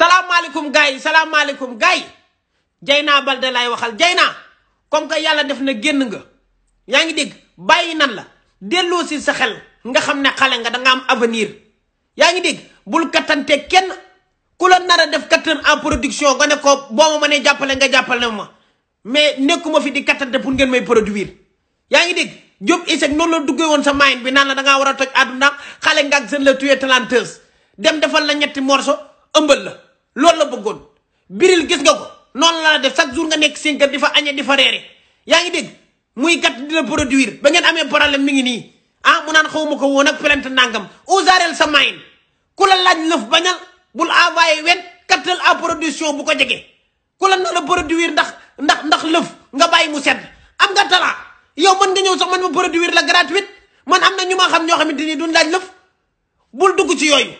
salaamaaleykum gars yi salaamaaleykum gars yi Dieyna Baldé lay waxal Dieyna comme que yàlla def na génn nga yaa ngi dégg bàyyi nan la delloo si sa xel nga xam ne xale nga danga am avenir yaa ngi dégg bul kattante kenn ku la nar def quatre heures en production nga ne ko boo ma mënee jàppale nga jàppale ma mais nekkuma fi di kattante pour ngeen may produire yaa ngi dégg Diop Iseg noonu la duggee woon sa mayin bi naan la dangaa war a toj àdduna xale nga ak seen la tuye talenteuse dem defal la ñetti morceau ëmbal la loolu la bëggoon biril gis nga ko noonu la def chaque jour nga nekk seen kër di fa añe di fa reere yaa ngi dégg muy kat di la produire ba ngeen amee problème mi ngi nii ah mu naan ma ko woon ak plainte nangam usaareel sa mayin ku la laaj lëf bañal bul envoyé wen kattal à production bu ko jege ku la nar a produire ndax ndax ndax lëf nga bàyyi mu sedd am nga talaa yow mën nga ñëw sax man ma produire la gratuite man am na ñu ma xam ñoo xamante ni duñ laaj lëf bul dugg ci yooyu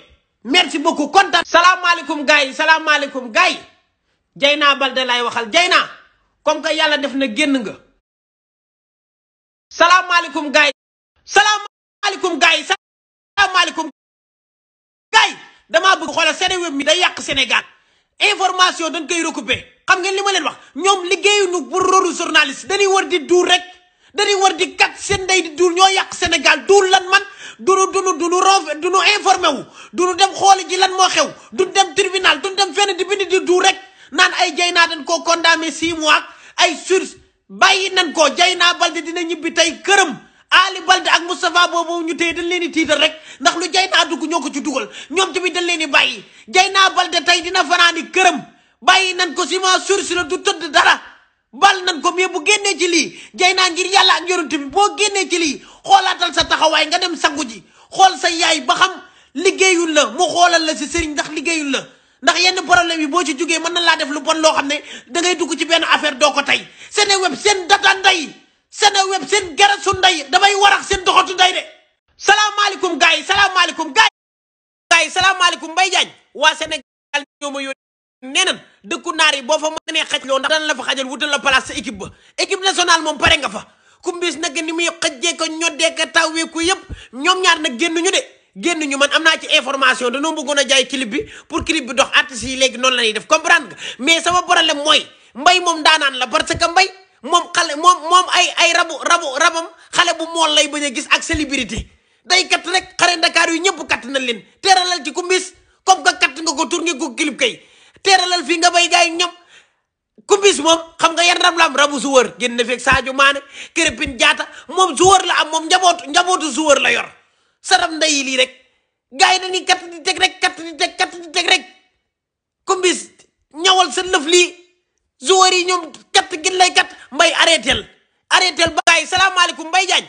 merci beaucoup kontaan. salaamaaleykum gars yi salaamaaleykum gars yi Dieyna Baldé laay waxal Dieyna comme que yàlla def na génn nga. salaamaaleykum gars yi. salaamaaleykum gars yi salaamaaleykum gars yi damaa bëgg xoolal Seneweb mi day yàq Sénégal information dañ koy recouper xam nga li ma leen wax ñoom liggéeyuñu pour rôle journaliste dañuy war di duur rek. dañuy war di kat seen ndey di duul ñoo yàq Sénégal duul lan man duñu duñu duñu ron duñu informé wu duñu dem xooli ji lan moo xew lu dem tribunal duñ dem fenn di bind di duul rek naan ay jay naa dañ koo condamné six mois ay surs bàyyi nañ ko jay naa Balde dina ñibbi tey këram Ali Balde ak Moustapha boobu ñu téye dañ leen di tiital rek ndax lu jay naa dugg ñoo ko ci dugal ñoom tamit dañ leen di bàyyi jay naa Balde tey dina fanaani këram bàyyi nañ ko six mois surs la du tëdd dara bal nan ko mais bu génnee ci lii jay naa ngir yàlla ak yorante bi boo génnee ci lii xoolaatal sa taxawaay nga dem sangu ji xool sa yaay ba xam liggéeyul la mu xoolal la si sëriñ ndax liggéeyul la ndax yenn problème yi boo ci jógee mën na laa def lu bon loo xam ne da ngay dugg ci benn affaire doo ko tey Seneweb seen data nday Seneweb seen garasu nday damay warax seen doxatu nday de salaamaaleykum gars yi salaamaaleykum gars yi salaamaaleykum Mbaye Diagne waa Sénégal ñoo ma yónnee nee nan dëkku ne xaj loo ndax daan la fa xajal wutal la place sa équipe a jaay clip bi pour la ñuy def comprendre nga mais sama problème mooy mbay moom daanaan xale bu mool lay bañ a gis ak célébrité day kat rek xare Dakar yu ñëpp kat nañ leen teeralal ci kumbis comme que kat nga ko tourné ko clip kay teeralal fii nga bay gaay ñoom kubis moom xam nga yan rab la am rabu su wër génn feeg Sadio Mané Krépin jaata moom su la am moom njabootu njabootu su la yor sa rab ndeyi lii rek gars na dañuy katt di teg rek katt di teg katt di teg rek kumbis ñawal sa lëf lii joueurs yi ñoom katt gin lay kat mbay arrêtel arrêtel ba gars yi salaamaaleykum mbay jaañ